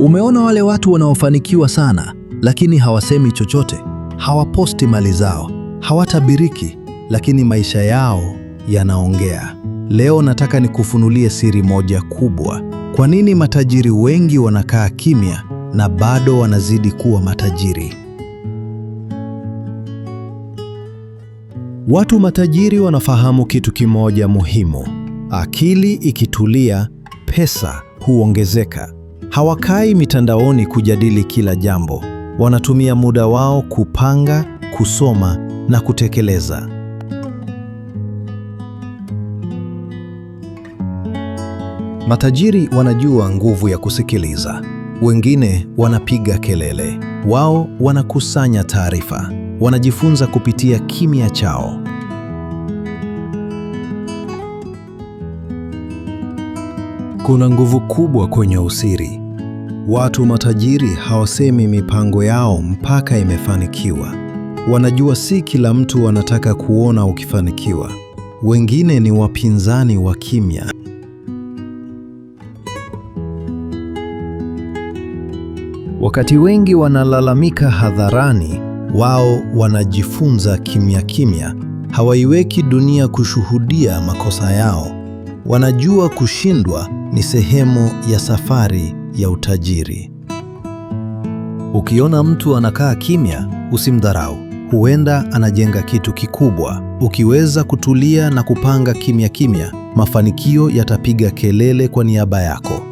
Umeona wale watu wanaofanikiwa sana lakini hawasemi chochote, hawaposti mali zao, hawatabiriki, lakini maisha yao yanaongea. Leo nataka nikufunulie siri moja kubwa: kwa nini matajiri wengi wanakaa kimya na bado wanazidi kuwa matajiri. Watu matajiri wanafahamu kitu kimoja muhimu: akili ikitulia, pesa huongezeka. Hawakai mitandaoni kujadili kila jambo. Wanatumia muda wao kupanga, kusoma na kutekeleza. Matajiri wanajua nguvu ya kusikiliza. Wengine wanapiga kelele, wao wanakusanya taarifa, wanajifunza kupitia kimya chao. Kuna nguvu kubwa kwenye usiri. Watu matajiri hawasemi mipango yao mpaka imefanikiwa. Wanajua si kila mtu anataka kuona ukifanikiwa. Wengine ni wapinzani wa kimya. Wakati wengi wanalalamika hadharani, wao wanajifunza kimya kimya. Hawaiweki dunia kushuhudia makosa yao. Wanajua kushindwa ni sehemu ya safari ya utajiri. Ukiona mtu anakaa kimya, usimdharau. Huenda anajenga kitu kikubwa. Ukiweza kutulia na kupanga kimya kimya, mafanikio yatapiga kelele kwa niaba yako.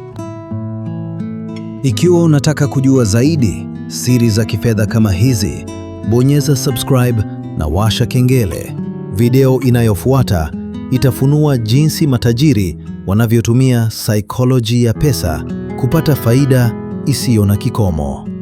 Ikiwa unataka kujua zaidi siri za kifedha kama hizi, bonyeza subscribe na washa kengele. Video inayofuata itafunua jinsi matajiri wanavyotumia saikolojia ya pesa kupata faida isiyo na kikomo.